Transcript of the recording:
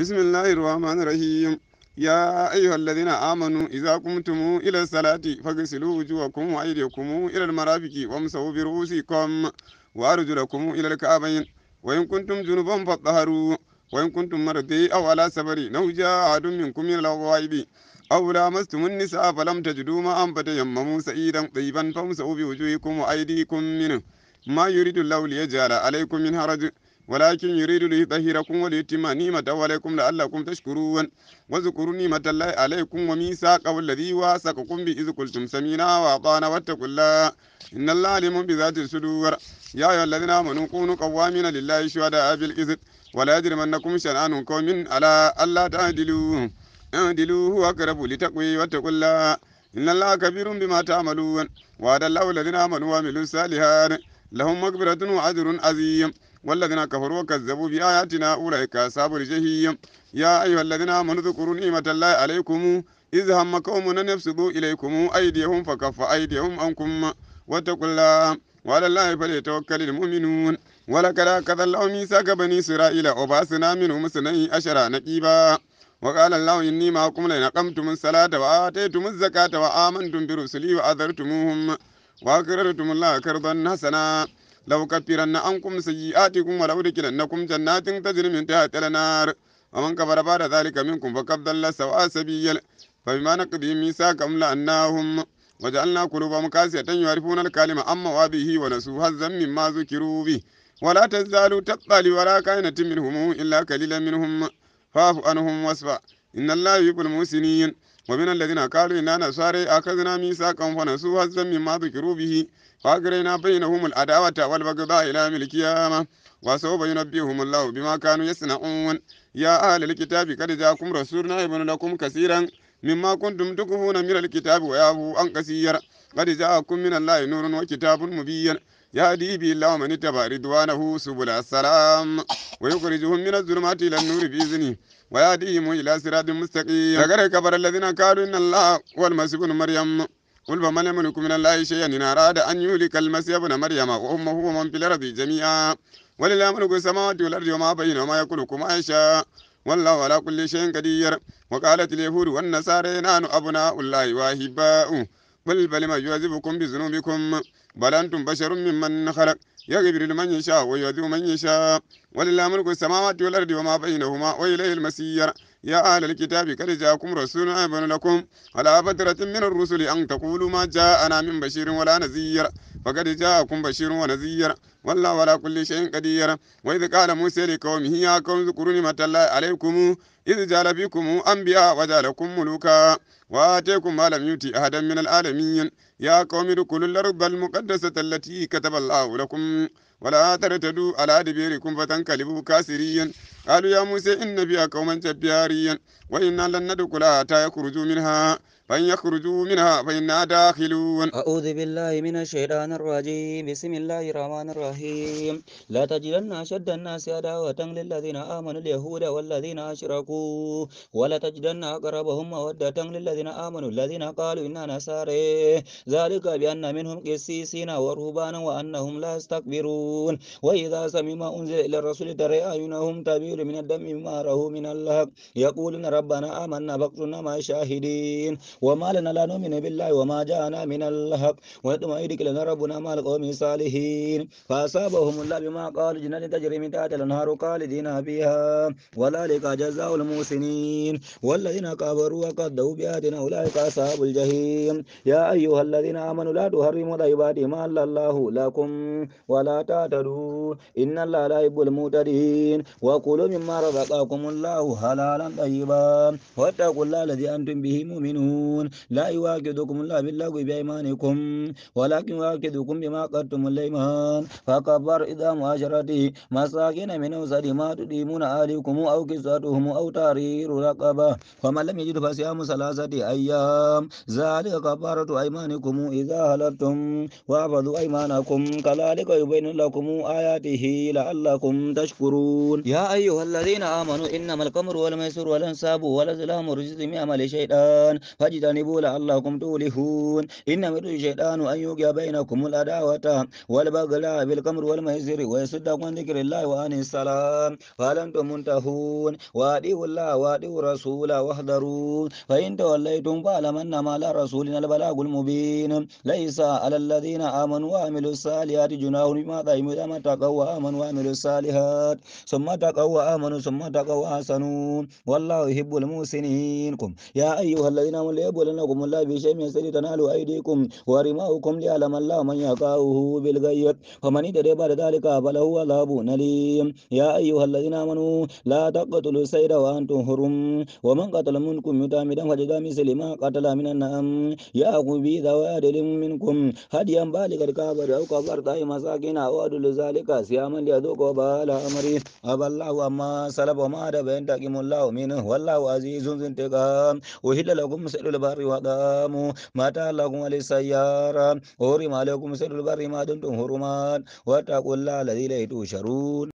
بسم الله الرحمن الرحيم يا أيها الذين آمنوا إذا قمتم إلى الصلاة فاغسلوا وجوهكم وأيديكم إلى المرافق وامسحوا برؤوسكم وأرجلكم إلى الكعبين وإن كنتم جنبا فاطهروا وإن كنتم مرضي أو على سفر أو جاء أحد منكم من الغائب أو لامستم النساء فلم تجدوا ماء فتيمموا سعيدا طيبا فامسحوا بوجوهكم وأيديكم منه ما يريد الله ليجعل عليكم من حرج ولكن يريد ليطهركم وليتم نعمته عليكم لعلكم تشكرون واذكروا نعمة الله عليكم وميثاقه الذي واثقكم به إذ قلتم سمينا وأطعنا واتقوا الله إن الله عليم بذات الصدور يا أيها الذين آمنوا كونوا قوامين لله شهداء بالقسط ولا يجرمنكم شنآن قوم على ألا تعدلوا اعدلوا هو أقرب لتقوي واتقوا الله إن الله كبير بما تعملون وعد الله الذين آمنوا وعملوا الصالحات لهم مغفرة وأجر عظيم والذين كفروا وكذبوا بآياتنا أولئك أصحاب الجحيم يا أيها الذين آمنوا اذكروا نعمة الله عليكم إذ هم قوم أن يبسطوا إليكم أيديهم فكف أيديهم عنكم واتقوا الله وعلى الله فليتوكل المؤمنون ولقد أخذ الله ميثاق بني إسرائيل وبعثنا منهم اثني عشر نقيبا وقال الله إني معكم لئن أقمتم الصلاة وآتيتم الزكاة وآمنتم برسلي وأذرتموهم وأقررتم الله كرضا حسنا لأكفرن عنكم سيئاتكم ولأدخلنكم جنات تجري من تحتها الأنهار ومن كفر بعد ذلك منكم فقد ضل سواء سبيل فبما نقضي ميثاقهم لأنهم وجعلنا قلوبهم قاسية يعرفون الكلمة أما مواضعه ونسوا هزا مما ذكروا به ولا تزال تطلع ولا كائنة منهم إلا قليلا منهم فاعف عنهم واصفح إن الله يحب المحسنين ومن الذين قالوا إنا نصارى أخذنا ميثاقهم فنسوا حظا مما ذكروا به فأجرينا بينهم العداوة والبغضاء إلى يوم القيامة وسوف ينبئهم الله بما كانوا يصنعون يا أهل الكتاب قد جاءكم رسولنا يبين لكم كثيرا مما كنتم تكفون من الكتاب ويعفو عن كثير قد جاءكم من الله نور وكتاب مبين يهدي به الله من اتبع رضوانه سبل السلام ويخرجهم من الظلمات إلى النور بإذنه ويهديهم إلى صراط مستقيم فقد كفر الذين قالوا إن الله هو المسيح ابن مريم قل فمن يملك من الله شيئا إن أراد أن يهلك المسيح ابن مريم وأمه ومن في الأرض جميعا ولله ملك السماوات والأرض وما بينهما يخلق ما يشاء والله على كل شيء قدير وقالت اليهود والنصارى نحن أبناء الله وأحباؤه قل ما يعذبكم بذنوبكم بل أنتم بشر ممن خلق يغفر لمن يشاء ويعذب من يشاء ولله ملك السماوات والأرض وما بينهما وإليه المسير يا أهل الكتاب قد جاءكم رسول أبن لكم على فترة من الرسل أن تقولوا ما جاءنا من بشير ولا نذير فقد جاءكم بشير ونذير والله ولا كل شيء قدير وإذ قال موسى لقومه يا قوم اذكروا نعمة الله عليكم إذ جعل فيكم أنبياء وجعلكم ملوكا وآتيكم ما لم يؤت أحدا من العالمين يا قوم ادخلوا الأرض المقدسة التي كتب الله لكم ولا ترتدوا على أدبيركم فتنقلبوا كاسرين قالوا يا موسى إن بها قوما جباريا وإنا لن ندخلها حتى يخرجوا منها فإن يخرجوا منها فإنا داخلون أعوذ بالله من الشيطان الرجيم بسم الله الرحمن الرحيم لا تجدن أشد الناس عداوة للذين آمنوا اليهود والذين أشركوا ولا تجدن أقربهم مودة للذين آمنوا الذين قالوا إنا نصارى ذلك بأن منهم قسيسين ورهبانا وأنهم لا يستكبرون وإذا سمعوا ما أنزل إلى الرسول ترى أعينهم تبير من الدم مما رأوا من الله يقولون ربنا آمنا فاقتلنا مع الشاهدين وما لنا لا نؤمن بالله وما جاءنا من الحق ونتم ايدك لنا ربنا مع لقوم صالحين فأصابهم الله بما قال جنة تجري من تحت الأنهار خالدين فيها وذلك جزاء الموسنين والذين كفروا وكذبوا بآياتنا أولئك أصحاب الجحيم يا أيها الذين آمنوا لا تحرموا طيبات ما الله لكم ولا تعتدوا إن الله لا يحب المعتدين وكلوا مما رزقكم الله حلالا طيبا واتقوا الله الذي أنتم به مؤمنون تشركون لا يواكدكم الله باللغو بأيمانكم ولكن يواكدكم بما قدتم الليمان فكبر إذا مهاجرتي مساكين من أوسط ما تديمون عليكم أو كسوتهم أو تارير رقبة فمن لم يجد فصيام ثلاثة أيام ذلك كفارة أيمانكم إذا هلتم وأفضوا أيمانكم كذلك يبين لكم آياته لعلكم تشكرون يا أيها الذين آمنوا إنما القمر والميسر والأنساب والأزلام رجز من عمل شيطان فاجتنبوا لعلكم تولهون إنما يريد الشيطان أن يوقع بينكم العداوة والبغلاء بالقمر والميسر ويصدق عن ذكر الله وعن السلام فهل أنتم منتهون وأطيعوا الله وأطيعوا الرسول واحذروا فإن توليتم فاعلم أنما على رسولنا البلاغ المبين ليس على الذين آمنوا وعملوا الصالحات جناح بما طعموا طَيِّبٌ إذا ما تقوا وآمنوا وعملوا الصالحات ثم تقوا وآمنوا ثم تقوا وحسنوا والله يحب المحسنين يا أيها الذين آمنوا ويبلونكم الله بشيء يسري تنالوا أيديكم ورماؤكم ليعلم الله من يقاؤه بالغيب فمن اتدى بعد ذلك فله عذاب أليم يا أيها الذين آمنوا لا تقتلوا السيد وأنتم حرم ومن قتل منكم متعمدا فجزاء مثل ما قتل من النعم يا يأكل ذو عدل منكم هديا بالغ الكعبة أو كفرة مساكين أو أدل ذلك صياما ليذوق وبال أمري أبى الله أما سلب وما عاد ينتقم الله منه والله عزيز ذو انتقام أحل لكم مثل البر والدام ما تعلقكم للسيارة هرم عليكم سر البر ما دمتم هرمان واتقوا الله الذي لا تشرون